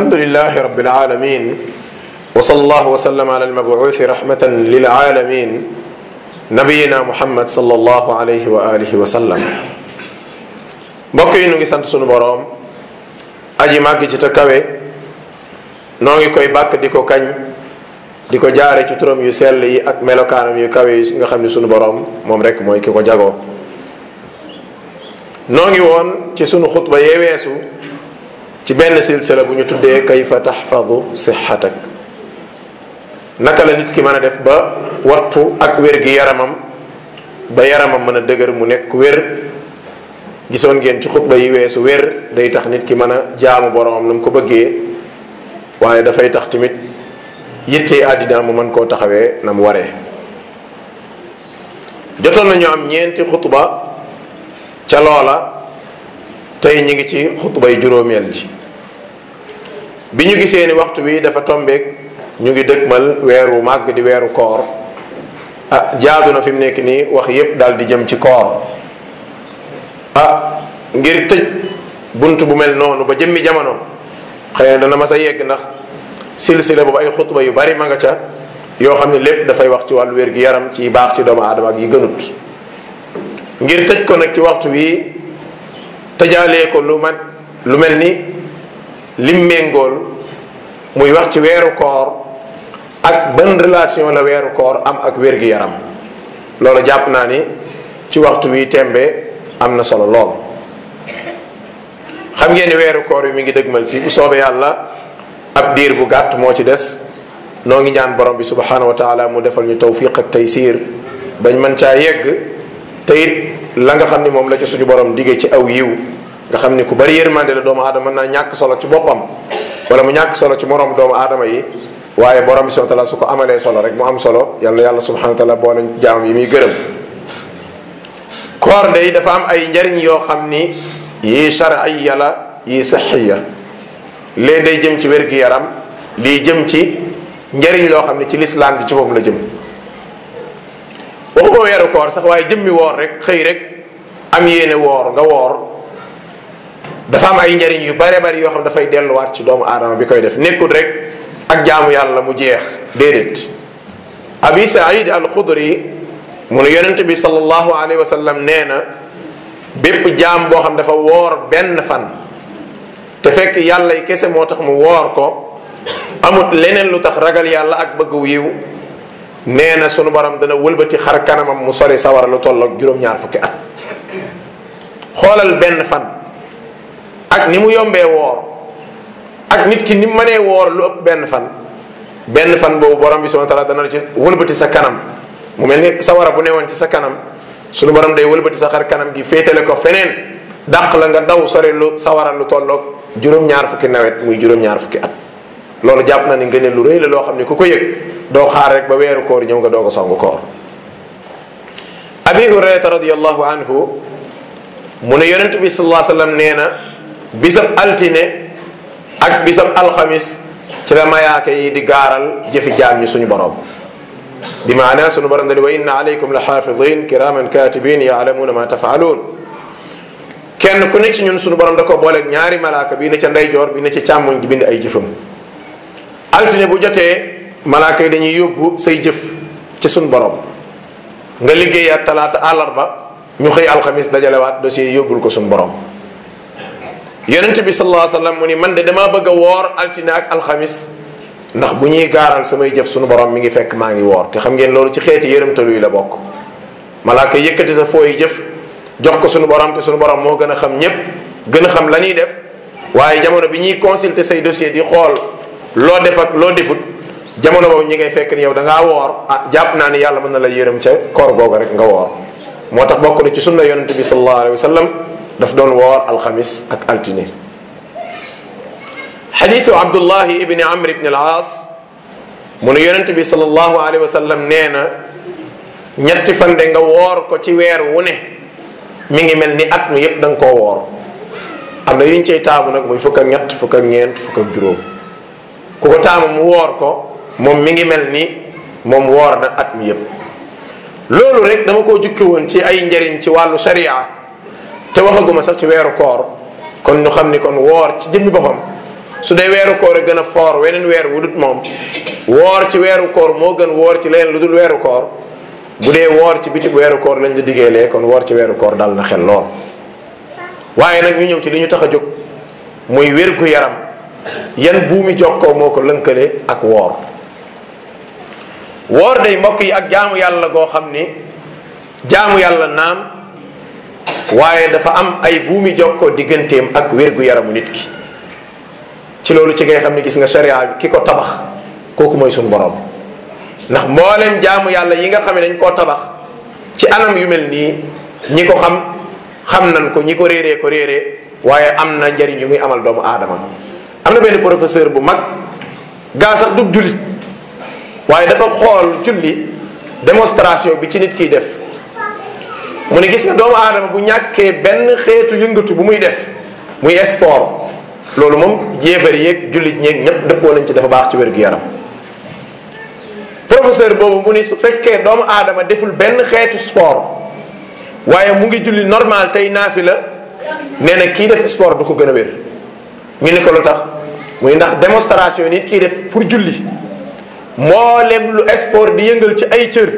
alhamdulilah rabil aalamiin wa sallallahu wa sallam ala almabuuthi rahmatan lil aalamiin nabiyina muhammad sallallahu alayhi wa yi nu ngi sant sunu boroom aji màgg ci te kawe noo ngi koy bàkk di ko kañ di ko jaare ci turam yu sell yi ak melokaanam yu kawe yi nga xam ne sunu borom moom rek mooy ki ko jagoo noo woon ci sunu xutba yee weesu ci benn silsila bu ñu tuddee kayfa tax taxfadu sixatak naka la nit ki mën a def ba wattu ak wér gi yaramam ba yaramam mën a dëgër mu nekk wér gisoon ngeen ci xutba yi weesu wér day tax nit ki mën a jaamu boromam na mu ko bëggee waaye dafay tax tamit yittee àddina mu mën koo taxawee na mu waree jotoon nañu am ñeenti xutba ca loola tey ñu ngi ci xutbay juróomeel ji bi ñu gisee ni waxtu wi dafa tombeek ñu ngi dëgmal weeru màgg di weeru koor ah jaadu na fi mu nekk nii wax yépp daal di jëm ci koor ah ngir tëj bunt bu mel noonu ba jëmmi jamono xëy na dana mas a yegg ndax silsila boobu ay xutba yu bari ma nga ca yoo xam ne lépp dafay wax ci wàllu wér gi yaram ci baax ci doomu aadama ak yi gënut ngir tëj ko nag ci waxtu wi tëjaalee ko lu mat lu mel ni lim méngool muy wax ci weeru koor ak ban relation la weeru koor am ak wér-gi-yaram loolu jàpp naa ni ci waxtu wi tembe am na solo lool xam ngeen ni weeru koor yi mi ngi dëgmal si bu soobee yàlla ab diir bu gàtt moo ci des noo ngi ñaan borom bi subhanahu wa taala mu defal ñu tawfiq ak tey siir bañ mën caa yegg te it la nga xam ni moom la ci suñu borom digge ci aw yiw nga xam ni ku bari yërmande la doomu aadama mën naa ñàkk solo ci boppam wala mu ñàkk solo ci moroom doomu aadama yi waaye borom bi subhanahu wa su ko amalee solo rek mu am solo yàlla yàlla subhanahu wa taala boole jaamam yi muy gërëm day dafa am ay njariñ yoo xam ni yii shar'iyya la yii sihhiyya lee day jëm ci wér yaram lii jëm ci njariñ loo xam ne ci lislaam ci boobu la jëm waxuma weeru koor sax waaye jëmmi woor rek xëy rek am yéene woor nga woor dafa am ay njariñ yu bare bari yoo xam dafay delluwaat ci doomu aadama bi koy def nekkul rek ak jaamu yàlla mu jeex déedéet abi said alxudri mu ne yonent bi sallallahu alayhi wa nee na bépp jaam boo xam dafa woor benn fan te fekk yàlla yi kese moo tax mu woor ko amut leneen lu tax ragal yàlla ak bëgg yiw nee na sunu borom dana wëlbati xar kanamam mu sori sawar lu tolloog juróom-ñaar fukki at xoolal benn fan ak ni mu yombee woor ak nit ki ni mu mënee woor lu ëpp benn fan benn fan boobu borom bi subhanahu wa dana la ci wëlbati sa kanam mu mel ni sawara bu newoon ci sa kanam suñu borom day wëlbati sa xar kanam gi féetale ko feneen dàq la nga daw sori lu sawara lu tolloog juróom-ñaar fukki nawet muy juróom-ñaar fukki at loolu jàpp na ne ngëneel lu rëy la loo xam ne ku ko yëg doo xaar rek ba weeru koor ñëw nga doo ko songu koor abi hurayrata radiallahu anhu mu ne yonent bi sallallahu alayhi na bisam altine ak bisam alxamis ci la mayaaka yi di gaaral jëfi jaam ñi suñu borom bi maana suñu borom dañu wa inna alaykum la xaafidin kiraman katibin yaalamuuna ma tafaaluun kenn ku ne ci ñun suñu borom da ko booleek ñaari malaaka bii ne ca ndeyjoor bi ne ci càmmoñ bi bind ay jëfam altine bu jotee malaaka yi dañuy yóbbu say jëf ci suñu borom nga liggéeyaat talaata àllarba ñu xëy alxamis dajalewaat dossier yóbbul ko suñu borom yonent bi sa alayhi wa sallam mu ni man de damaa bëgg a woor altine ak alxamis ndax bu ñuy gaaral samay jëf sunu borom mi ngi fekk maa ngi woor te xam ngeen loolu ci xeeti yërëmtalu yi la bokk malaaka yëkkati sa fooyi jëf jox ko sunu borom te sunu moo gën a xam ñépp gën a xam la ñuy def waaye jamono bi ñuy consulter say dossier di xool loo def ak defut jamono boobu ñi ngay fekk yow da ngaa woor ah jàpp naa ne yàlla mën na la yërëm ca koor googa rek nga woor moo tax bokk na ci sunna yonente bi la alayhi wa sallam daf doon woor alxamis ak altine xadiisu abdullahi ibni amr ibni al aas mu ne yonent bi sallallahu alayhi wa sallam nee na ñetti fan de nga woor ko ci weer wu ne mi ngi mel ni at mu yëpp da ko woor am na yuñ ñu cay taamu nag muy fukk ak ñett fukk ak ñeent fukk ak juróom ku ko taamu mu woor ko moom mi ngi mel ni moom woor na at mi yëpp loolu rek dama koo jukki woon ci ay njëriñ ci wàllu sharia te waxaguma sax ci weeru koor kon ñu xam ni kon woor ci jëmmi boppam su dee weeru koor a gën a foor weneen weer wu dut moom woor ci weeru koor moo gën woor ci leneen lu dul weeru koor bu dee woor ci bitib weeru koor lañ la diggeelee kon woor ci weeru koor dal na xel lool waaye nag ñu ñëw ci li ñu tax a jóg muy wérgu yaram yan buumi jokkoo moo ko lënkale ak woor woor day mbokk yi ak jaamu yàlla goo xam ni jaamu yàlla naam waaye dafa am ay buumi jokkoo digganteem ak wér-gu-yaramu nit ki ci loolu ci ngay xam ne gis nga sharia bi ki ko tabax kooku mooy suñu borom ndax mboolem jaamu yàlla yi nga xam ne dañ koo tabax ci anam yu mel nii ñi ko xam xam nan ko ñi ko réeree ko réeree waaye am na njariñ yu muy amal doomu aadama am na benn professeur bu mag gaa sax du jullit waaye dafa xool julli démonstration bi ci nit kiy def mu ne gis nga doomu aadama bu ñàkkee benn xeetu yëngatu bu muy def muy sport loolu moom jéefar yéeg jullit ñéeg ñëpp dëppoo nañ ci dafa baax ci wér-gu-yaram professeur boobu mu ne su fekkee doomu aadama deful benn xeetu sport waaye mu ngi julli normal tey naa naafi la nee na kii def sport du ko gën a wér ñu ni ko lu tax muy ndax démonstration nit kii def pour julli moo lem lu sport di yëngal ci ay cër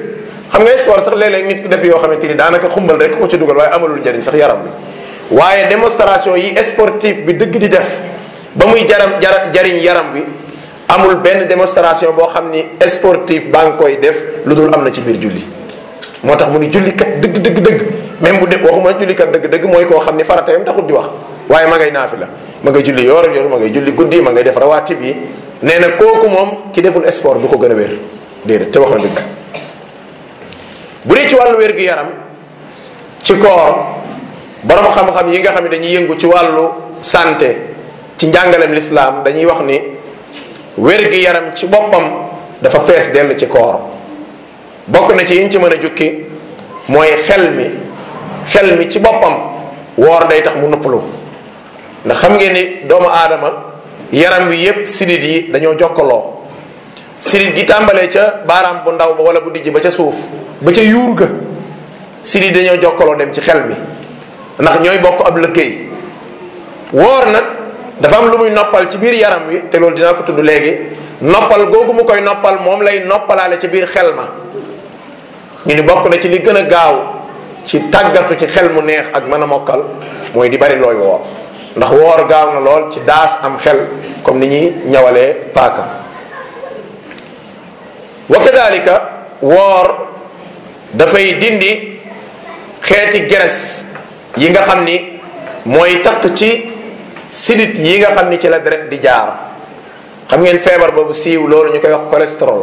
xam nga sport sax léeg-léeg nit ku def yoo xamante ni daanaka xumbal rek ko ci dugal waaye amalul njëriñ sax yaram bi waaye démonstration yi sportif bi dëgg di def ba muy jaram jara jariñ yaram bi amul benn démonstration boo xam ni sportif baa ngi koy def lu dul am na ci biir julli moo tax mu ni jullikat dëgg dëgg dëgg même bu de waxuma kat dëgg dëgg mooy koo xam ni farata yam di wax waaye ma ngay naafi la ma ngay julli yoor yoor ma ngay julli guddi ma ngay def rawaatib yi nee na kooku moom ki deful sport du ko gën a wér déedéet te wax na bu dee ci wàllu wér-gu-yaram ci koor borom xam-xam yi nga xam ne dañuy yëngu ci wàllu santé ci njàngalem lislaam dañuy wax ni wér-gu-yaram ci boppam dafa fees dell ci koor bokk na ci yiñ ci mën a jukki mooy xel mi xel mi ci boppam woor day tax mu noppalu ndax xam ngeen ni doomu aadama yaram wi yépp sidit yi dañoo jokkaloo sirit gi tàmbalee ca baaraam bu ndaw ba wala bu dijj ba ca suuf ba ca yuur ga sirit dañoo jokkaloo dem ci xel mi ndax ñooy bokk ab lëggéey woor nag dafa am lu muy noppal ci biir yaram wi te loolu dinaa ko tudd léegi noppal googu mu koy noppal moom lay noppalaale ci biir xel ma ñu ni bokk na ci li gën a gaaw ci tàggatu ci xel mu neex ak mën a mokkal mooy di bari looy woor ndax woor gaaw na lool ci daas am xel comme ni ñuy ñawalee paaka wa kadalika woor dafay dindi xeeti geres yi nga xam ni mooy takk ci sidit yi nga xam ni ci la deret di jaar xam ngeen feebar boobu siiw loolu ñu koy wax cholestérol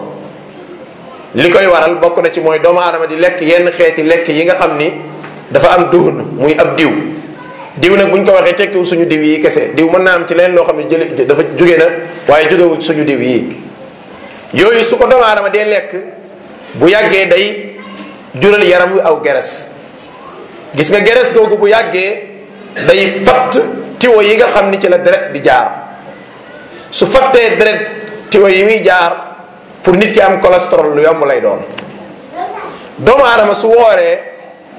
li koy waral bokk na ci mooy doomu aadama di lekk yenn xeeti lekk yi nga xam ni dafa am duhn muy ab diw diw nag buñ ko waxee tekkiwul suñu diw yi kese diw mën naa am ci leen loo xam ne jëli dafa jóge nag waaye jógewul suñu diw yi yooyu su ko doomu aadama dee lekk bu yàggee day jural yaram wi aw geres gis nga geres googu bu yàggee day fatt tiwo yi nga xam ni ci la deret di jaar su fattee deret tiwo yi muy jaar pour nit ki am cholestérol lu yomb lay doon doomu aadama su wooree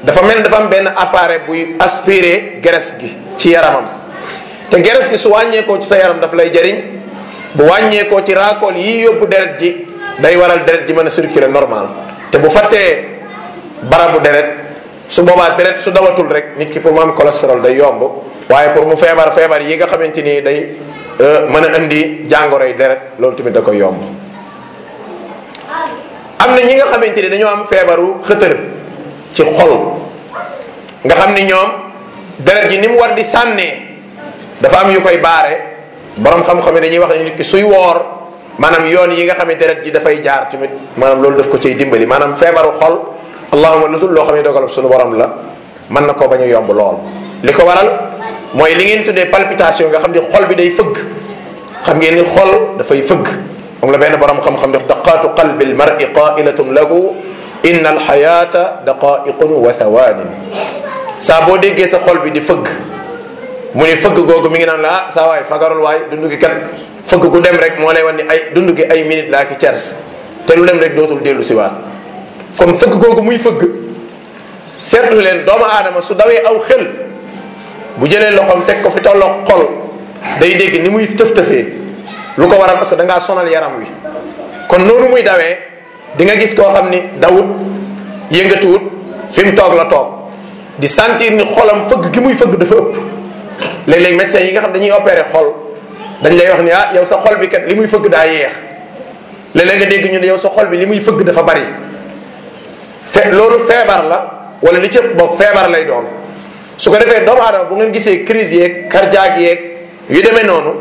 dafa mel dafa am benn appareil buy aspirer geres gi ci yaramam te geres gi su wàññeekoo ci sa yaram daf lay jariñ bu wàññeekoo ci raakool yi yóbbu deret ji day waral deret ji mën a circuler normal te bu fattee barabu deret su boobaa deret su dawatul rek nit ki pour mu am cholestérol day yomb waaye pour mu feebar feebar yi nga xamante ni day euh, mën a indi jàngoroy deret loolu tamit da koy yomb. am na ñi nga xamante ni dañoo am feebaru xëtër ci xol nga xam ni ñoom deret ji ni mu war di sànnee dafa am yu koy baare. borom xam-xam yi dañuy wax ne nit suy woor maanaam yoon yi nga xam ne deret dafay jaar tamit maanaam loolu def ko cay dimbali maanaam feebaru xol allahuma lu dul loo xam ne dogalam suñu borom la mën na koo bañ a yomb lool li ko waral mooy li ngeen tuddee palpitation nga xam ne xol bi day fëgg xam ngeen ni xol dafay fëgg moom la benn borom xam-xam def daqaatu qalbi l mar'i qailatun lahu inna alxayata daqaiqun wa thawanin saa boo déggee sa xol bi di fëgg mu ne fëgg googu mi ngi naan la ah saa waay fagarul waay dund gi kat fëgg gu dem rek moo lay wan ni ay dund gi ay minute laa ki cers te lu dem rek dootul dellu si waat kon fëgg googu muy fëgg seetlu leen doomu aadama su dawee aw xël bu jëlee loxoom teg ko fi tolloo xol day dégg ni muy tëf-tëfee lu ko waral parce que da ngaa sonal yaram wi kon noonu muy dawee di nga gis koo xam ni dawut yëngatuwut fim toog la toog di sentir ni xolam fëgg gi muy fëgg dafa ëpp léeg-léeg yi nga xam dañuy opérer xol dañ lay wax ni ah yow sa xol bi kat li muy fëgg daa yeex léeg-léeg nga dégg ñu ne yow sa xol bi li muy fëgg dafa bari fe loolu feebar la wala li ci bokk feebar lay doon su ko defee doomu aadama bu ngeen gisee crise yeeg cardiaque yeeg yu demee noonu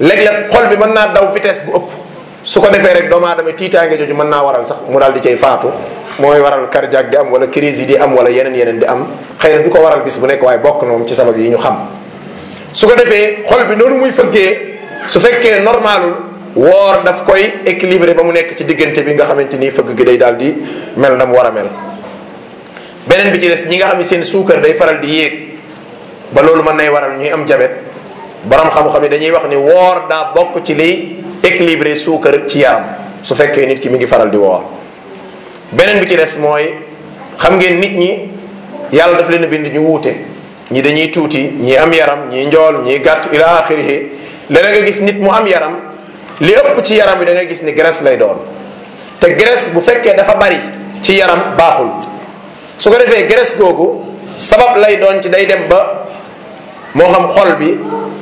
léeg-léeg xol bi mën naa daw vitesse bu ëpp su ko defee rek doomu aadama tiitaange jooju mën naa waral sax mu daal di cay faatu mooy waral cardiaque di am wala crise yi di am wala yeneen yeneen di am xëy na du ko waral bis bu nekk waaye bokk na moom ci sabab yi ñu xam su ko defee xol bi noonu muy fëggee su fekkee normalul woor daf koy équilibré ba mu nekk ci diggante bi nga xamante ni fëgg gi day daal di mel na mu war a mel. beneen bi ci des ñi nga xam ne seen suukar day faral di yéeg ba loolu mën nay waral ñuy am jabet borom xam-xam yi dañuy wax ni woor daa bokk ci liy équilibré suukar ci yaram su fekkee nit ki mi ngi faral di woor beneen bi ci des mooy xam ngeen nit ñi yàlla daf leen a bind ñu wuute. ñi dañuy tuuti ñi am yaram ñi njool ñi gàtt ila axirihi dana nga gis nit mu am yaram li ëpp ci yaram bi da nga gis ni graisse lay doon te graisse bu fekkee dafa bari ci yaram baaxul su ko defee graisse googu sabab lay doon ci day dem ba moo xam xol bi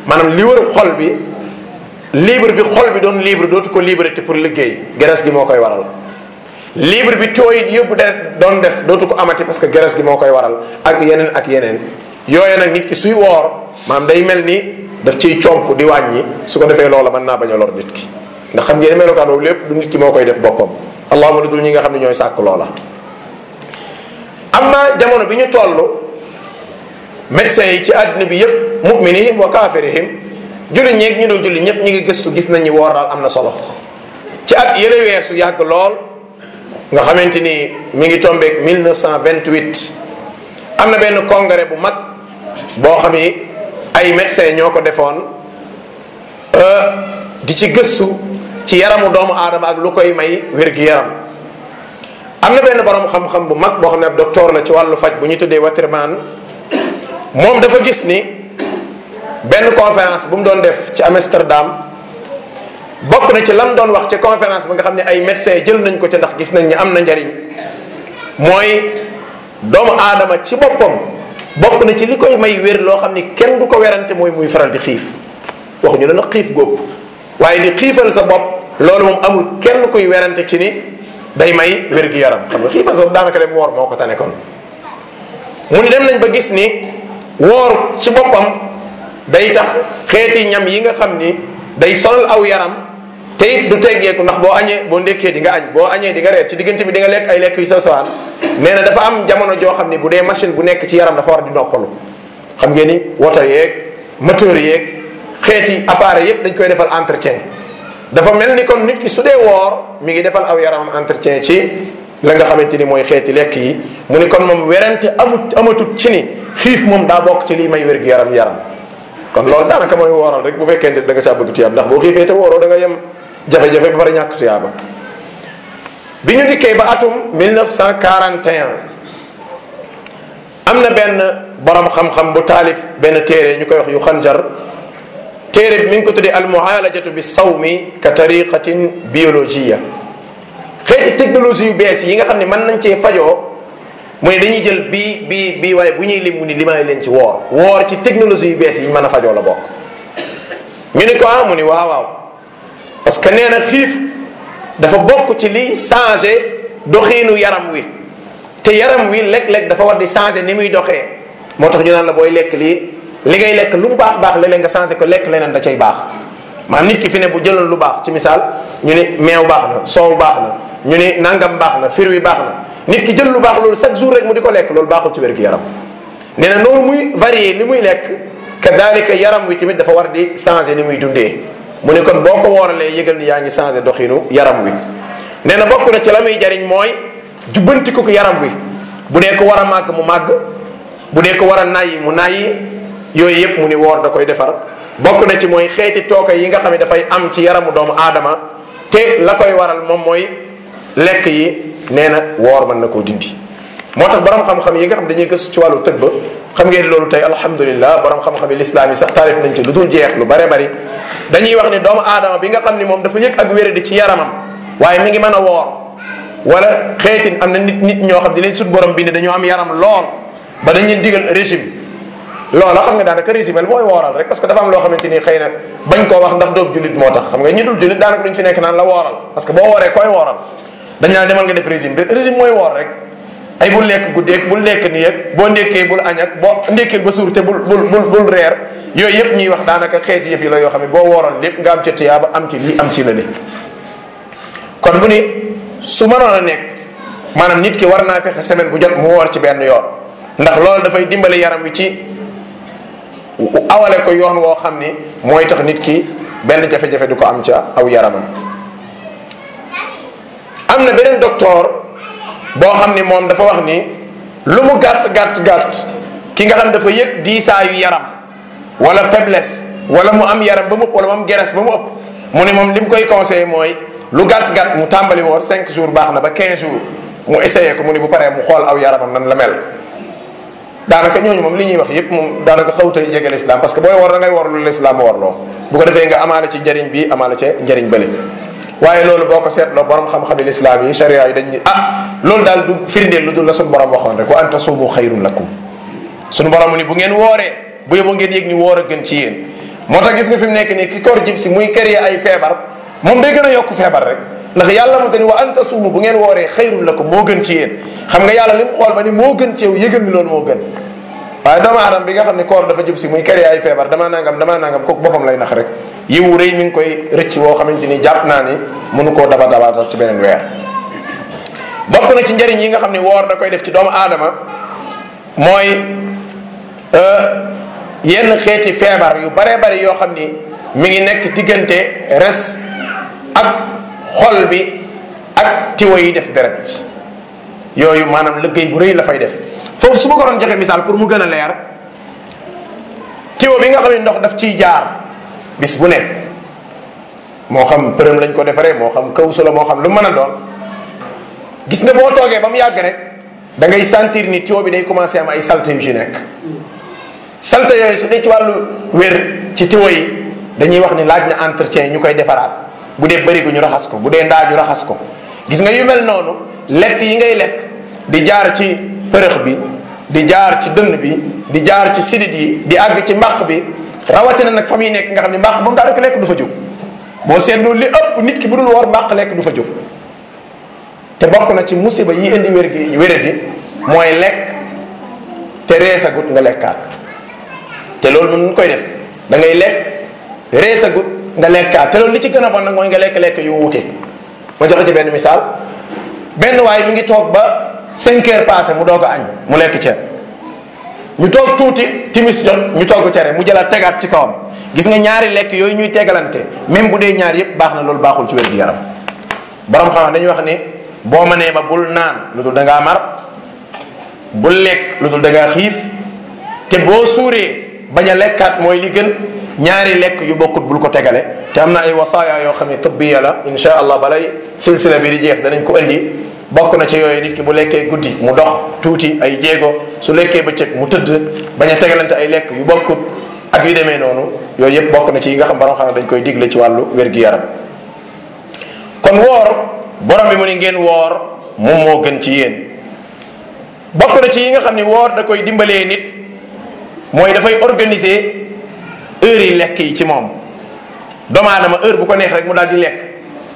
maanaam li wër xol bi libre bi xol bi doon libre dootu ko libre liberté pour liggéey graisse gi moo koy waral libre bi tooyit yóbbu de doon def dootu ko amati parce que graisse gi moo koy waral ak yeneen ak yeneen yooye nag nit ki suy woor maam day mel ni daf ciy comp di wàññi su ko defee loola mën naa bañ a lor nit ki ndax xam ngeen melokaan boobu lépp du nit moo koy def boppam allahuma lu dul ñi nga xam ne ñooy sàkk loola amma jamono bi ñu toll médecins yi ci àddina bi yépp muminihim wa kaafirihim julli ñeeg ñu dul julli ñëpp ñu ngi gëstu gis nañu woor daal am na solo ci at weer su yàgg lool nga xamante ni mu ngi tombeeg 1928 am na benn congrès bu mag boo xam ni ay médecin ñoo ko defoon euh, di ci gëstu ci yaramu doomu aadama ak lu koy may wér-gu-yaram am na benn borom xam-xam bu mag boo xam ne ab la ci wàllu faj bu ñu tuddee Waterman moom dafa gis ni benn conférence bu mu doon def ci Amsterdam bokk na ci lam doon wax ci conférence bi nga xam ne ay médecin jël nañ ko ci ndax gis nañ ni am na njariñ mooy doomu aadama ci boppam bokk na ci li koy may wér loo xam ni kenn du ko werante mooy muy faral di xiif waxuñu la nag xiif góob waaye di xiifal sa bopp loolu moom amul kenn kuy werante ci ni day may wér gi yaram xam nga xiifal sa bopp daanaka dem woor moo ko tane kon mu ni dem nañ ba gis ni woor ci boppam day tax xeeti ñam yi nga xam ni day sonal aw yaram te it du teggeeku ndax boo añee boo ndekkee di nga añ boo añee di nga reer ci diggante bi di nga lekk ay lekk yu saw sawaan nee na dafa am jamono joo xam ne bu dee machine bu nekk ci yaram dafa war di noppalu xam ngeen ni woto yeeg moteur yeeg xeeti appareil yëpp dañ koy defal entretien dafa mel ni comme nit ki su dee woor mi ngi defal aw yaram entretien ci la nga xamante ni mooy xeeti lekk yi mu ne kon moom werante amut amatut ci ni xiif moom daa bokk ci lii may wér gu yaram yaram kon loolu daanaka mooy wooral rek bu fekkente da nga caa bëgg ci te wooroo da nga yem jafe-jafe ba pare ñàkk tuyaaba bi ñu dikkee ba atum 1941 am na benn borom xam-xam bu taalif benn téere ñu koy wax yu xanjar téere bi mi ko tuddee al mualajatu bi sawmi ka tariqatin biologia xeeti technologie yu bees yi nga xam ne mën nañ cee fajoo mu ne dañuy jël bi bi bi waaye bu ñuy lim mu ni limaay leen ci woor woor ci technologie yu bees yi mën a fajoo la bokk ñu ni ko ah ni waaw parce que nee na xiif dafa bokk ci liy changé doxiinu yaram wi te yaram wi léeg-léeg dafa war di changé ni muy doxee moo tax ñu naan la booy lekk lii li ngay lekk lu mu baax baax léeg-léeg nga changé ko lekk leneen da cay baax maanaam nit ki fi ne bu jëloon lu baax ci misaal ñu ne meew baax na soow baax na ñu ne nangam baax na fir wi baax na nit ki jël lu baax loolu chaque jour rek mu di ko lekk loolu baaxul ci wér-gu-yaram nee na noonu muy varié li muy lekk kadalika yaram wi tamit dafa war di changé ni muy dundee mu ne kon boo ko wooralee yëgal ni yaa ngi changé doxinu yaram wi nee na bokk na ci la muy jariñ mooy jubbanti ko yaram wi bu dee ko war a màgg mu màgg bu dee ko war a mu nàyyi yooyu yëpp mu ne woor da koy defar bokk na ci mooy xeeti tooke yi nga xam ne dafay am ci yaramu doomu aadama te la koy waral moom mooy lekk yi nee na woor mën na koo dindi moo tax borom xam-xam yi nga xam dañuy gëstu ci wàllu tëgg ba xam ngeen loolu tey alhamdulilah borom xam-xam yi lislaam yi sax taarif nañ ci lu jeex lu bare bari dañuy wax ni doomu aadama bi nga xam ni moom dafa yëg ak di ci yaramam waaye mi ngi mën a woor wala xeetin am na nit ñoo xam ne leen sut borom bi ne dañoo am yaram lool ba dañ leen digal régime loola xam nga daanaka régime la booy wooral rek parce dafa am loo xamante ni xëy na bañ koo wax ndax doob moo tax xam nga ñi dul jullit daanaka duñ fi nekk naan la wooral parce que boo wooree koy wooral dañ naan demal nga def régime mooy woor rek ay bul lekk guddeeg bu lekk nii ak boo ndekkee bul añ ak boo ndekkeel ba suur te bul bul bul reer yooyu yëpp ñuy wax daanaka xeeti yëf yi la yoo xam ne boo wooroon lépp nga am ci tiyaaba am ci am ci la lépp kon mu ni a nekk maanaam nit ki war naa fexe semaine bu jot mu woor ci benn yoon ndax loolu dafay dimbali yaram wi ci awale ko yoon woo xam ni mooy tax nit ki benn jafe-jafe du ko am ca aw yaramam am na beneen docteur boo xam ni moom dafa wax ni lu mu gàtt gàtt gàtt ki nga xam dafa yëg diisaayu yaram wala faiblesse wala mu am yaram ba mu ëpp wala mu am geres ba mu ëpp mu ne moom li mu koy conseillé mooy lu gàtt gàtt mu tàmbali woon cinq jours baax na ba 15 jours mu essayé ko mu ni bu paree mu xool aw yaramam nan la mel. daanaka ñooñu moom li ñuy wax yëpp moom daanaka xawta jege lislaam parce que booy war da ngay war lu lislaam warloo bu ko defee nga amaale ci njëriñ bi amaale ca njëriñ bële. waaye loolu boo ko seetloo borom xam-xami lislaam yi sharia yi dañ ni ah loolu daal du firndeel lu dul la suñu borom waxoon rek wa anta suumu xayrun lakum suñu borom ni bu ngeen wooree bu ngeen yëg ni woor a gën ci yéen moo tax gis nga fi mu nekk nii ki kor jib si muy créer ay feebar moom day gën a yokk feebar rek ndax yàlla mu te ni wa anta suumu bu ngeen wooree xayrun lakum moo gën ci yéen xam nga yàlla li xool ma ni moo gën ci yow yëgal ni loolu moo gën waaye doomu aadama bi nga xam ne koor dafa jub si muy kër yaay feebar damaa nangam damaa nangam kooku boppam lay nax rek yiwu rëy mi ngi koy rëcc woo xamante ni jàpp naa ni mënu koo daba dabaatal ci beneen weer bokk na ci njëriñ yi nga xam ne woor da koy def ci doomu aadama mooy euh, yenn xeeti feebar yu baree bari yoo xam ni mi ngi nekk diggante res ak xol bi ak tiwo yi def deret yooyu maanaam lëggéey bu rëy la fay def foofu su ma ko doon joxe misaal pour mu gën a leer tiwo bi nga xam ne ndox daf ciy jaar bis bu nekk moo xam përëm lañ ko defaree moo xam kaw solo moo xam lu mën a doon gis ne boo toogee ba mu yàgg rek da ngay sentir ni tiwo bi day commencé am ay salte yu ci nekk salte yooyu su dee ci wàllu wér ci tiwo yi dañuy wax ni laaj na entretien ñu koy defaraat bu dee bërigu ñu raxas ko bu dee ndaa ñu raxas ko gis nga yu mel noonu lekk yi ngay lekk di jaar ci përëx bi di jaar ci dënn bi di jaar ci sidit yi di àgg ci mbàq bi rawatina nag fa muy nekk nga xam ne mbàq ba mu daanaka lekk du fa jóg boo seetloo li ëpp nit ki bu dul woor mbàq lekk du fa jóg te bokk na ci musiba yi indi wér gi wéradi mooy lekk te reesagut nga lekkaat te loolu mun koy def dangay ngay lekk reesagut nga lekkaat te loolu li ci gën a bon nag mooy nga lekk-lekk yu wuute ma joxe ci benn misaal benn waay mi ngi toog ba cinq heures mu doog a añ mu lekk ceeb ñu toog tuuti timis jot ñu togg cere mu jëlaat tegaat ci kawam gis nga ñaari lekk yooyu ñuy tegalante même bu dee ñaar yépp baax na loolu baaxul ci wér-gu-yaram borom xam dañuy wax ni boo ma ba bul naan lu dangaa da mar bul lekk lu dangaa xiif te boo suuree bañ a lekkaat mooy li gën ñaari lekk yu bokkut bul ko tegale te am na ay wasaaya yoo xam ne tëbbiya la insha allah balay silsila bi di jeex danañ ko indi bokk na ci yooyu nit ki bu lekkee guddi mu dox tuuti ay jéego su lekkee bëccëg mu tëdd bañ a tegalante ay lekk yu bokkut ak yu demee noonu yooyu yëpp bokk na ci yi nga xam borom xam ne dañ koy digle ci wàllu wér yaram kon woor bi mu ni ngeen woor gën ci yéen bokk na ci yi nga xam ni woor da koy dimbalee nit mooy dafay organiser heure yi lekk yi ci moom doomu aadama heure bu ko neex rek mu daal di lekk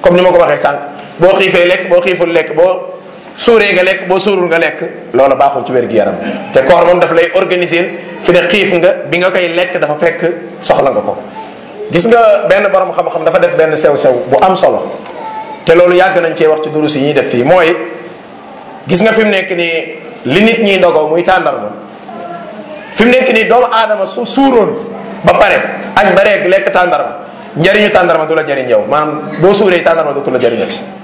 comme ni ma ko waxee sànq boo xiifee lekk boo xiiful lekk boo suuree nga lekk boo suurul nga lekk loola baaxul ci wér-gu-yaram te koor moom daf lay organiser fi ne xiif nga bi nga koy lekk dafa fekk soxla nga ko gis nga benn borom xam-xam dafa def benn sew-sew bu am solo te loolu yàgg nañ cee wax ci durus yi ñuy def fii mooy gis nga fi mu nekk nii li nit ñi ndogoo muy tàndarma fi mu nekk nii doomu aadama su suuroon ba pare añ ba reeg lekk tàndarma njëriñu tàndarma du la jëriñ yow maanaam boo suuree tàndarma dootu la jëriñati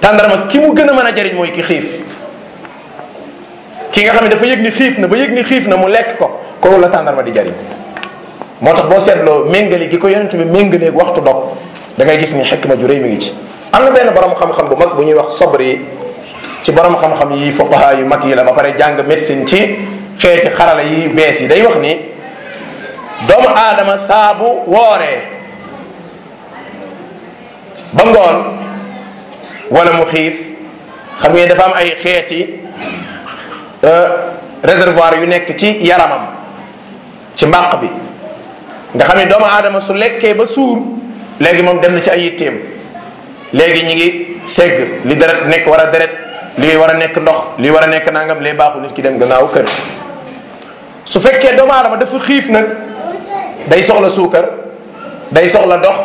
tàndarma ki mu gën a mën a jariñ mooy ki xiif ki nga xam ne dafa yëg ni xiif na ba yëg ni xiif na mu lekk ko kooku la tàndarma di jariñ moo tax boo seetloo méngale gi ko yonent bi méngaleeg waxtu dog dangay gis ni xikma ju rëy mi ngi ci am na benn borom xam-xam bu mag bu ñuy wax sobri ci borom xam-xam yi fuqaha yu mag yi la ba pare jàng médecine ci xeeti xarala yi bees yi day wax nii doomu aadama saabu wooree ba ngoon wala mu xiif xam ngeen dafa am ay xeeti euh, réservoir yu nekk ci yaramam ci mbàq bi nga xam ne doomu aadama su lekkee ba suur léegi moom dem na ci ay yitteem léegi ñu ngi segg li deret nekk war a deret lii war a nekk ndox lii war a nekk nangam lee baaxul nit ki dem gannaaw kër su fekkee doomu aadama dafa xiif nag day soxla suukar day soxla dox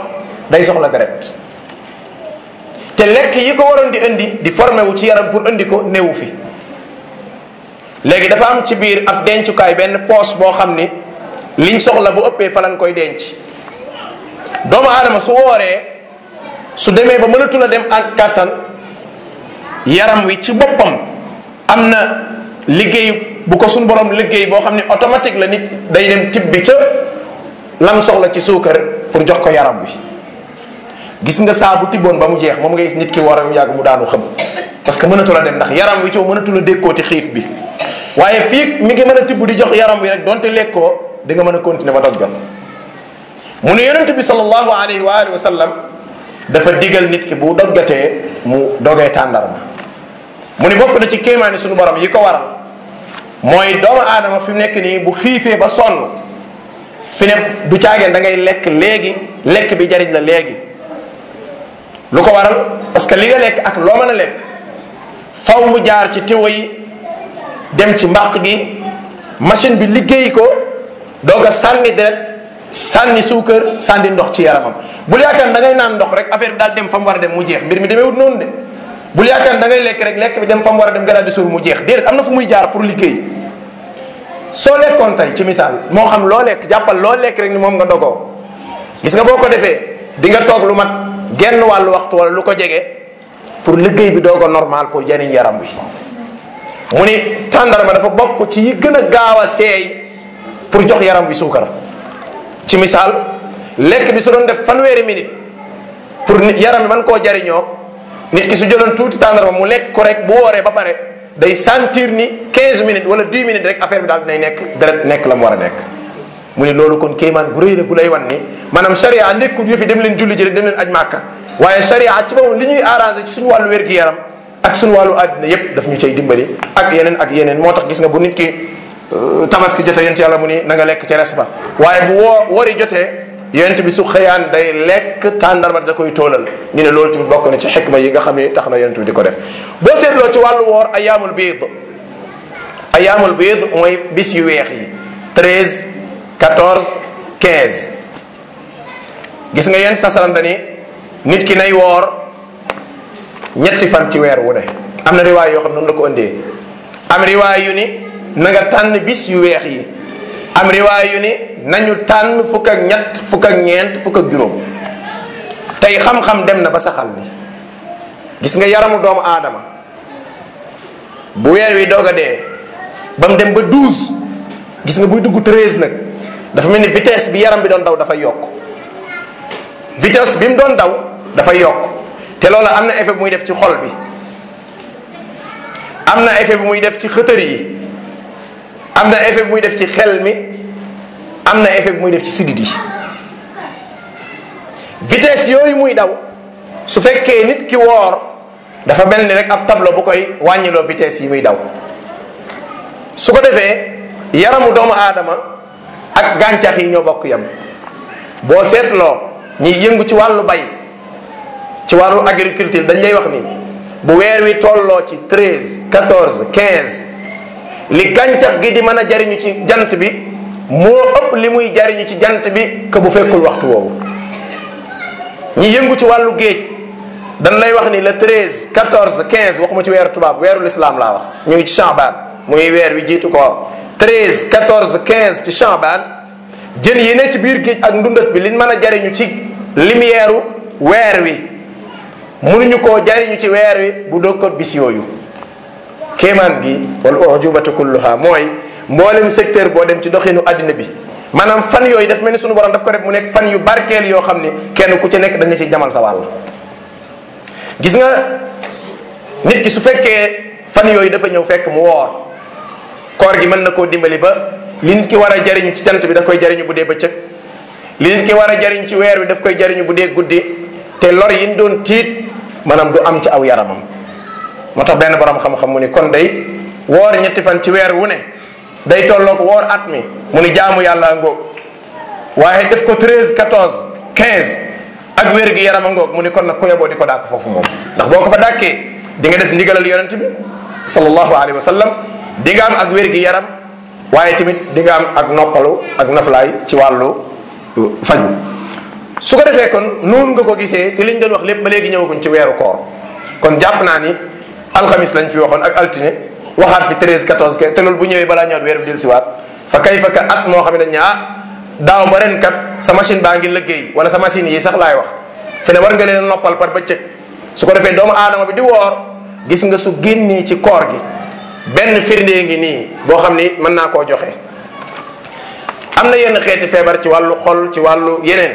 day soxla deret te lekk yi ko waroon di indi di formé ci yaram pour indi ko néewu fi léegi dafa am ci biir ab dencukaay benn poche boo xam ni liñ soxla bu ëppee fa lañ koy denc doomu aadama su wooree su demee ba mënatul a dem ak kàttan yaram wi ci boppam am na liggéey bu ko suñ borom liggéey boo xam ne automatique la nit day dem bi ca lam soxla ci suukar pour jox ko yaram wi gis nga saa bu tibboon ba mu jeex moom nga gis nit ki war a yàgg mu daanu xam parce que mënatu la dem ndax yaram wi coow mënatu la dékkooti xiif bi waaye fii mi ngi mën a tibb di jox yaram wi rek donte lekkoo di nga mën a continuer ba dog jot mu ne yonent bi sallallahu alayhi wa alihi wa sallam digal nit ki bu doggatee mu dogee tàndarma mu ne bokk na ci kéemaani suñu borom yi ko waral mooy doomu aadama fi mu nekk nii bu xiifee ba sonn fi ne du caageen da ngay lekk léegi lekk bi jariñ la léegi lu ko waral parce que li nga lekk ak loo mën a lekk faw mu jaar ci tiwo yi dem ci mbaq gi machine bi liggéey ko doog a sànni deret sànni suukar sànni ndox ci yaramam bul yaakaar dangay naan ndox rek affaire bi daal dem fa mu war a dem mu jeex mbir mi demee wut noonu de bul yaakaar da lekk rek lekk bi dem fa mu war a dem nga daal di suur mu jeex déedéet am na fu muy jaar pour liggéey soo lekkoon tey ci misaal moo xam loo lekk jàppal loo lekk rek ni moom nga dogoo gis nga boo ko defee di nga toog lu genn wàll waxtu wala lu ko jege pour liggéey bi doo ko normal pour jariñ yaram wi mu ni tàndarma dafa bokk ci yi gën a gaaw a seey pour jox yaram bi suukar ci misaal lekk bi su doon def fanweeri minute pour yaram bi mën koo jariñoo nit ki su jëloon tuuti tàndarma mu lekk ko rek bu wooree ba pare day sentir ni 15 minutes wala 10 minutes rek affaire bi daal dinay nekk deret nekk la mu war a nekk. mu ne loolu kon kéemaan gu rëy la gu lay wan ni maanaam sharia nekkul yëfi dem leen julli ji rek dem leen aj màkka waaye sharia ci boppam li ñuy arrangé ci suñu wàllu wér yaram ak suñu wàllu àddina yépp daf ñu cey dimbali ak yeneen ak yeneen moo tax gis nga bu nit ki euh, tabaski jotee yent yàlla mu ni na nga lekk ca res ba waaye bu woo wori jotee yonent bi su xëyaan day lekk tàndarma da koy toolal ñu ne loolu bokk na ci xikma yi nga xam ne tax na yonent bi di ko def boo seetloo ci wàllu woor ayaamul biid ayaamul biid mooy bis yu weex yi 14 15 gis nga yenn sa salam nit ki nay woor ñetti fan ci weer wu ne am na riwaay yoo xam noonu la ko indee am riwaay yu ni na tànn bis yu weex yi am riwaay yu ni nañu tànn fukk ak ñett fukk ak ñeent fukk ak juróom tey xam-xam dem na ba saxal bi gis nga yaramu doomu aadama bu weer wi doog a dee ba mu dem ba 12 gis nga buy dugg 13 nag dafa mel ni vitesse bi yaram bi doon daw dafay yokk vitesse bi mu doon daw dafay yokk te loolu am na effet bu muy def ci xol bi am na effet bu muy def ci xëtër yi am na effet bu muy def ci xel mi am na effet bu def ci sidit yi vitesse yooyu muy daw su fekkee nit ki woor dafa mel ni rek ab tableau bu koy wàññiloo vitesse yi muy daw su ko defee yaramu doomu aadama ak gàncax yi ñoo bokk yam boo seetloo ñi yëngu ci wàllu bay ci wàllu agriculture dañ lay wax ni bu weer wi tolloo ci treize quatorze quinze li gàncax gi di mën a jariñu ci jant bi moo ëpp li muy jariñu ci jant bi que bu fekkul waxtu woowu ñi yëngu ci wàllu géej dañ lay wax ni le treize quatorze quinze waxuma ci weer tubaab weeru lislaam laa wax ñu ngi ci Sha'ban muy weer wi jiitu koor 13 14 15 ci Chaban jën yi ne ci biir géej ak ndundat bi liñ mën a jariñu ci lumière weer wi mënuñu koo jariñu ci weer wi bu dokkoot bis yooyu kéemaan gi wala ujubatu kulluha mooy mboolem secteur boo dem ci doxinu àddina bi maanaam fan yooyu daf mel ni sunu borom daf ko def mu nekk fan yu barkeel yoo xam ni kenn ku ci nekk dañu ci jamal sa wàll gis nga nit ki su fekkee fan yooyu dafa ñëw fekk mu woor koor gi mën na koo dimbali ba li nit ki war a jariñu ci jant bi daf koy jariñu bu dee ba bëccëg li nit ki war a jariñu ci weer wi daf koy jariñu bu dee guddi te loor yin doon tiit maanaam du am ci aw yaramam moo tax benn boroom xam-xam mu ni kon day woor ñetti fan ci weer wu ne day tolloog woor at mi mu ni jaamu yàlla ngoog waaye def ko 13 14 15 ak wér gi yaram a ngoog mu ni kon nag ku yeboo di ko dàkk foofu moom ndax boo ko fa dàkkee di def ndigalal yonent bi dinga am ak wér gi yaram waaye tamit di nga am ak noppalu ak naflaay ci wàllu euh, faju su ko defee kon noonu nga ko gisee te liñ doon wax lépp ba léegi ñëwaguñ ci weeru koor kon jàpp naa ni alxamis lañ fi waxoon ak altine waxaat fi 13 14 te loolu bu ñëwee balaa ñëwaat weer bi dellusiwaat fa kay fa ka at moo xam ne dañ ne ah daaw ba ren kat sa machine baa ngi liggéey wala sa machine yi sax laay wax fi war nga leen noppal par cë su ko defee doomu aadama bi di woor gis nga su génnee ci koor gi benn firndee ngi nii boo xam ni mën naa koo joxe am na yenn xeeti feebar ci wàllu xol ci wàllu yeneen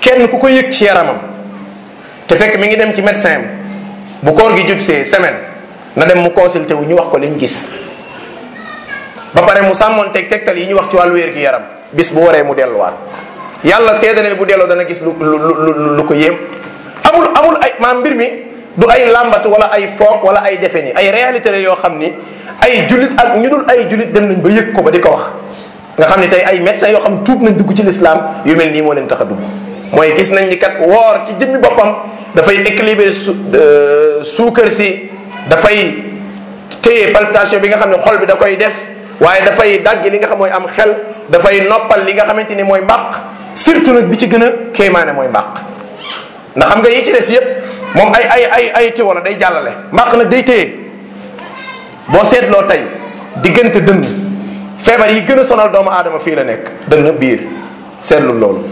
kenn ku ko yëg ci yaramam te fekk mi ngi dem ci médecin am bu koor gi jubsee semaine na dem mu consulté wu ñu wax ko liñ gis ba pare mu sàmmoon teg tegtal yi ñu wax ci wàllu wér gi yaram bis bu waree mu delluwaat yàlla seede ne bu delloo dana gis lu lu lu ko yéem amul amul ay maam mbir mi. du ay làmbat wala ay foog wala ay defe nii ay réalité la yoo xam ni ay jullit ak ñu dul ay jullit dem nañ ba yëg ko ba di ko wax nga xam ne tey ay médecins yoo xam tuub nañ dugg ci lislaam yu mel nii moo leen tax a dugg mooy gis nañ ni kat woor ci jëmmi boppam dafay équilibrer su euh, suukar si dafay téye palpitation bi nga xam ne xol bi da koy def waaye dafay dagg li nga xam mooy am xel dafay noppal li nga xamante ni mooy mbàq surtout nag bi ci gën a kéemaane mooy mbàq ndax xam yi ci des yépp moom ay ay ay ay téwo day jàllale mbàq nag day téye boo seetloo tey diggante dënn feebar yi gën a sonal doomu aadama fii la nekk dënn biir seetlu loolu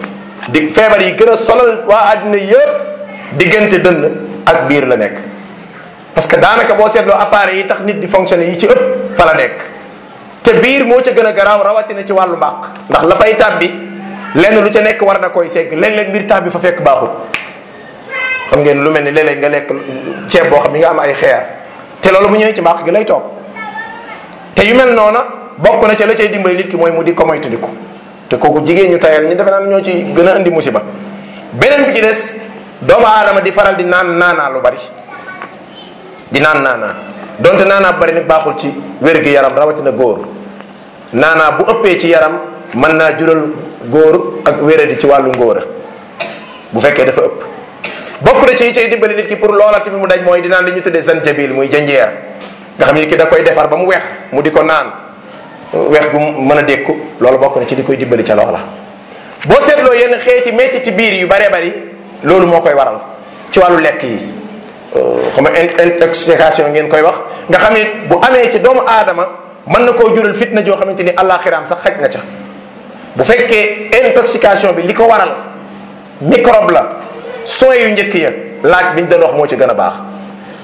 di feebar yi gën a sonal waa àddina yëpp diggante dënn ak biir la nekk parce que daanaka boo seetloo appareil yi tax nit di fonctionner yi ci ëpp fa la nekk te biir moo ca gën a garaaw rawatina ci wàllu mbàq ndax la fay tàbbi lenn lu ca nekk war na koy segg léeg-léeg mbir tàbbi fa fekk baaxul xam ngeen lu mel ni léeg-léeg nga lekk ceeb boo xam ni nga am ay xeer te loolu mu ñëwee ci mbàq gi lay toog te yu mel noona bokk na ca la cay dimbali nit ki mooy mu di ko moytandiku te kooku jigéen ñu tayal ñi defe naa ñoo ci gën a indi musiba beneen bi ci des doomu aadama di faral di naan naanaa lu bari di naan naanaa donte naanaa bari nag baaxul ci wér gi yaram rawatina góor naanaa bu ëppee ci yaram mën naa jural góor ak wéradi ci wàllu ngóora bu fekkee dafa ëpp bokk na ci yi cay dimbali nit ki pour loola tamit mu daj mooy dinaan li ñu tuddee zanjabil muy janjeer nga xam ne ki da koy defar ba mu weex mu di ko naan weex gu mën a dékku loolu bokk na ci di koy dimbali ca loola. boo seetloo yenn xeeti méttiti biir yu baree bari loolu moo koy waral ci wàllu lekk yi euh, xam nga intoxication ngeen koy wax nga xam ne bu amee ci doomu aadama mën na koo jural fitna joo xamante ni àllaaxiraam sax xaj na ca bu fekkee intoxication bi li ko waral microbe la. soo yu njëkk ya laaj bi ñu doon wax moo ci gën a baax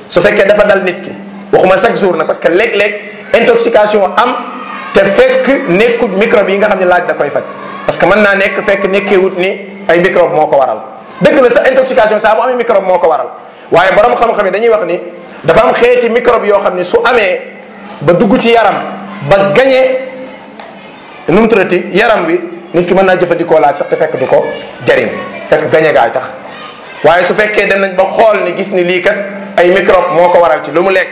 su fekkee dafa dal nit ki waxuma chaque jour na parce que léeg-léeg intoxication am te fekk nekkut microbe yi nga xam ne laaj da koy faj parce que mën naa nekk fekk wut ni ay microbe moo ko waral dëgg la sa intoxication saa bu amee microbe moo ko waral waaye boroom xam-xam yi dañuy wax ni dafa am xeeti microbe yoo xam ne su amee ba dugg ci yaram ba gañe nu mu tuddati yaram wi nit ki mën naa jëfandikoo laaj sax te ko jariñ fekk gañe gaay tax waaye su fekkee dem nañ ba xool ni gis ni lii kat ay microbe moo ko waral ci lu mu lekk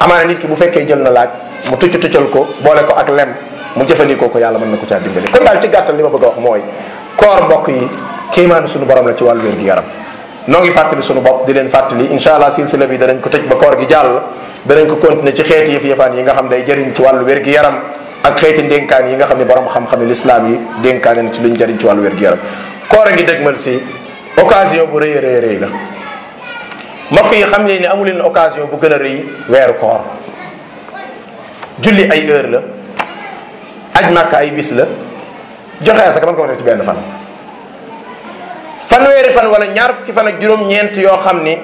amaana nit ki bu fekkee jël na laaj mu tucc tuccal ko boole ko ak lem mu jëfandikoo ko yàlla mën na ko caa dimbali kon daal ci gàttal li ma bëgg a wax mooy koor mbokk yi kéemaanu sunu borom la ci wàllu wér gi yaram noo ngi fàttali sunu bopp di leen fàttali incha allah silsila bi danañ ko tëj ba koor gi jàll danañ ko continuer ci xeeti yëf yëfaan yi nga xam day jëriñ ci wàllu wér gi yaram ak xeeti ndénkaan yi nga xam ne borom xam-xam yi lislaam yi dénkaane na ci luñ jëriñ ci wàllu wér yaram occasion bu rëy a rëy la mbokk yi xam leen ni amu leen occasion bu gën a rëy weeru koor julli ay heure la aj màkk ay bis la joxe asaka man ko def ci benn fan fanweeri fan wala ñaar fukki fan ak juróom-ñeent yoo xam ni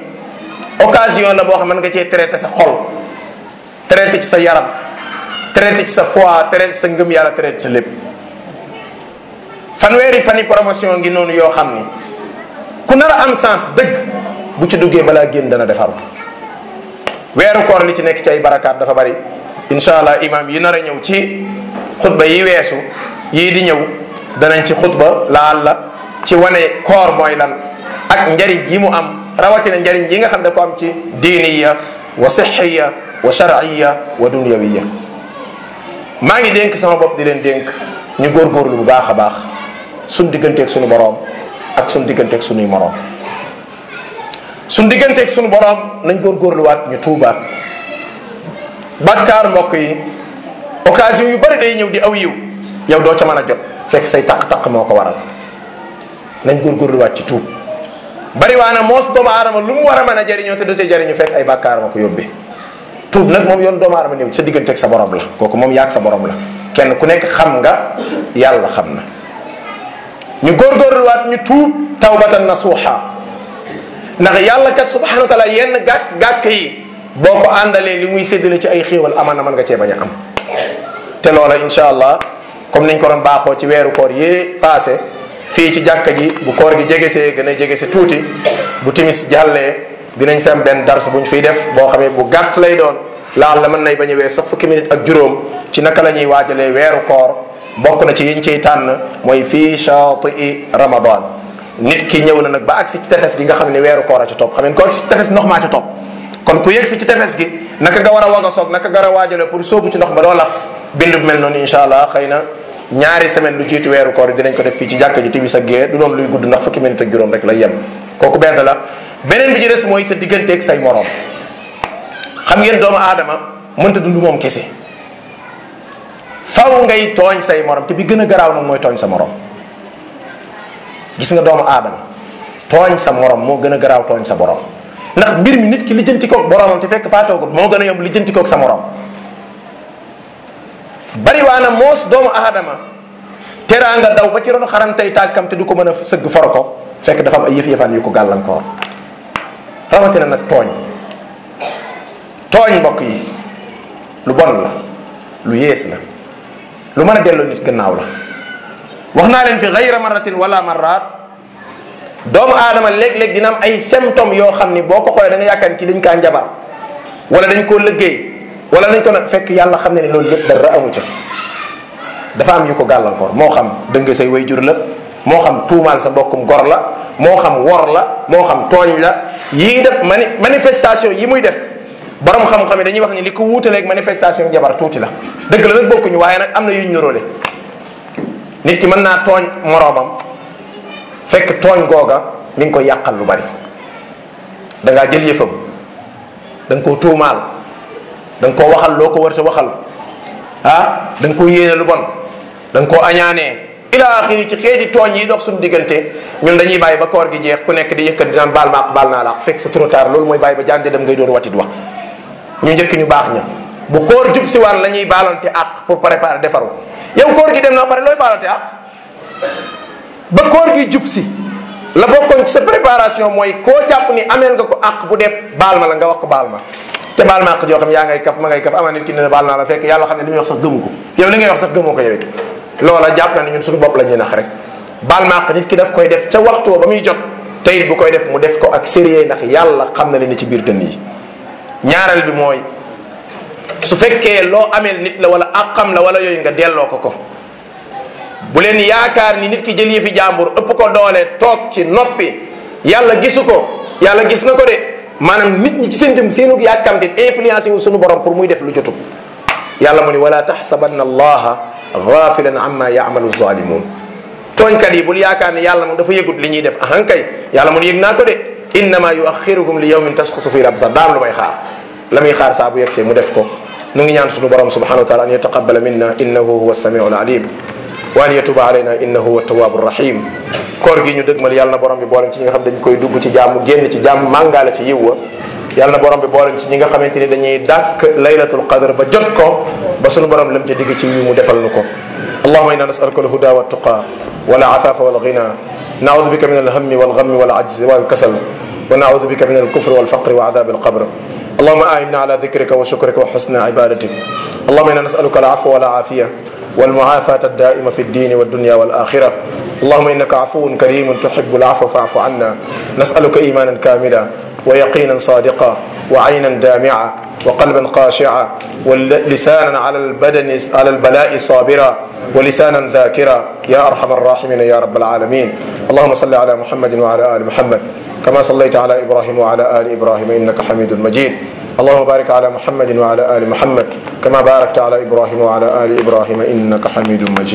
occasion la boo xam ne nga cee traité sa xol traité ci sa yaram traité ci sa fois traité sa ngëm yàlla traité ci sa lépp fanweeri fan yi promotion ngi noonu yoo xam ni ku nar a am sens dëgg bu ci duggee balaa génn dana defaru weeru koor li ci nekk ci ay barakaat dafa bari incha allah imam yi nara ñëw ci xutba yi weesu yii di ñëw danañ ci xutba laal la ci wane koor mooy lan ak njariñ yi mu am rawatina njariñ yi nga xam ne ko am ci diiniya wa sixiya wa sharciya wa dunyawiya maa ngi dénk sama bopp di leen dénk ñu lu bu baax a baax suñ digganteeg suñu boroom ak suñ digganteek suñuy moroom suñ digganteeg suñu boroom nañ góorgóorluwaat ñu tuubaat bàkkaar mbokk yi occasion yu bari day ñëw di aw yiw yow doo ca mën a jot fekk say taq-taq moo ko waral nañ góorgóorluwaat ci tuub bariwaana moos doomu aadama lu mu war a mën a jariñoo te du ca jariñu fekk ay bàkkaar ma ko yóbbee nag moom yoon doomu aadama néew sa digganteeg sa borom la kooku moom yaag sa borom la kenn ku nekk xam nga yàlla xam na ñu góorgóorluwaat ñu tuub tawbatan nasuuxa ndax yàlla kat subhanahu yenn gàkk gàkk yi boo ko àndalee li muy séddale ci ay xéewal amaan na mën nga cee bañ a am te loola incha allah comme niñ ko baaxoo ci weeru koor yee passé fii ci jàkka ji bu koor gi jegesee gën a jegese tuuti bu timis jàllee dinañ fi am benn dars buñ fiy def boo xamee bu gàtt lay doon laal la mën nay bañ a wees sax fukki minute ak juróom ci naka la ñuy waajalee weeru koor bokk na ci yiñ ciy tànn mooy fii shatii ramadan nit ki ñëw na nag ba agsi ci tefes gi nga xam ne weeru koor a ci topp xam ngeen ko tefes ndox maa ci topp kon ku yegsi tefes gi naka nga a wag a soog naka nga war a waajale pour sóobu ci ndox ma loola bindu mel noonu incha allah xëy na ñaari semaine lu jiitu weeru koor dinañ ko def fii ci jàkka ji timis ak gée du doon luy gudd ndax fukki minute ak juróom rek lay yem kooku benn la beneen bi ci des mooy sa digganteeg say moroom xam doomu aadama mënta dund moom kese faw ngay tooñ say morom te bi gën a garaaw nag mooy tooñ sa morom gis nga doomu aadama tooñ sa morom moo gën a garaaw tooñ sa borom ndax mbir mi nit ki lijjanti koog boromam te fekk faatoogut moo gën a yomb lijjanti koog sa morom bariwaana moos doomu aadama teraa nga daw ba ci ron xaram tey tàkkam te du ko mën a sëgg for ko fekk dafa ay yëf-yëfaan yu ko gàllankoor rawatina nag tooñ tooñ mbokk yi lu bon la lu yées la lu man a delloo nit gannaaw la wax naa leen fi gayra maratin wala marat doomu aadama léeg-léeg dina am ay symptômes yoo xam ni boo ko xoolee da nga kii dañ kaa njabar wala dañ koo liggéey wala dañ ko nag fekk yàlla xam ne ne loolu lépp dara amu ca dafa am yu ko gàllankoor moo xam dëng way wayjur la moo xam tuumaal sa mbokkum gor la moo xam wor la moo xam tooñ la yii def mani manifestation yi muy def boroom xam-xam yi dañuy wax ni li ko wuutaleeg manifestation jabar tuuti la dëgg la nag bokkuñu waaye nag am na yuñ nuróole nit ki mën naa tooñ moroomam fekk tooñ googa mi ngi koy yàqal lu bari dangaa ngaa jël yëfam da koo tuumaal da nga koo waxal loo ko war a waxal ah da nga koo yéene lu bon da nga koo añaanee ila axiri ci xeeti tooñ yi dox suñu diggante ñun dañuy bàyyi ba koor gi jeex ku nekk di yëkkat di baal ma baal naa la fekk c'est trop tard ngay door watit wax ñu njëkk ñu baax ña bu koor jub si waan la ñuy baalante àq pour préparer defaru yow koor gi dem na pare looy baalante àq ba koor gi jub si la bokkoon ci sa préparation mooy koo jàpp ni ameel nga ko àq bu dee baal ma la nga wax ko baal ma te baal ma àq joo xam yaa ngay kaf ma ngay kaf ama nit ki ne baal naa la fekk yàlla ne li muy wax sax gëmu ko yow li ngay wax sax gëmoo ko na ne rek baal ma àq nit ki daf koy def ca waxtu ba muy jot te bu koy def mu def ko ak sérieux ndax yàlla xam na li ne ci biir dënn yi ñaarel bi mooy su fekkee loo ameel nit la wala àqam la wala yooyu nga delloo ko ko bu leen yaakaar ni nit ki jël yëfi jàmbur ëpp ko doole toog ci noppi yàlla gisu ko yàlla gis na ko de maanaam nit ñi ci seen jëm seenug yàkkamti influencé wu sunu borom pour muy def lu jotub yàlla mu ni wala taxsabanna allaha gaafilan amma yaamalu zalimun tooñkat yi bul yaakaar ne yàlla moom dafa yëgut li ñuy def ahankay yàlla mu ni yëg naa ko de innama yuaxirukum li yawmin tashxasu fi labsar daam lu may xaar la muy xaar saa bu yegsee mu def ko nu ngi ñaan suñu borom subhanahu wa taala an yataqabala minna innahu huwa samiu alalim wa an yatuba alayna innahu huwa tawaabu rahim koor gi ñu dëgmal yàlla na borom bi booleen ci ñi nga xam dañ koy dugg ci jàmm génn ci jàmm màngaale ci yiw wa yàlla na borom bi booleen ci ñi nga xamante ni dañuy dàkk laylatul qadr ba jot ko ba suñu borom lam ca digg ci yiw mu defal nu ko allahuma inna nasaluka alhuda wa tuqa wala afafa wal ghina naudu bika min alhammi walgammi wal ajzi wal kasal wa naudu bika min alkufri walfaqri wa adab alqabr اللهم أعنا على ذكرك وشكرك وحسن عبادتك اللهم إنا نسألك العفو والعافية والمعافاة الدائمة في الدين والدنيا والآخرة اللهم إنك عفو كريم تحب العفو فاعف عنا نسألك إيمانا كاملا ويقينا صادقا وعينا دامعة وقلبا خاشعا ولسانا على البدن على البلاء صابرا ولسانا ذاكرا يا أرحم الراحمين يا رب العالمين اللهم صل على محمد وعلى آل محمد كما صليت على إبراهيم وعلى آل إبراهيم إنك حميد مجيد allahuma barik ala muhammadin wa ala ali muhammad kama barakta ala ibrahima wa ala ali ibrahima innaka hamidun majid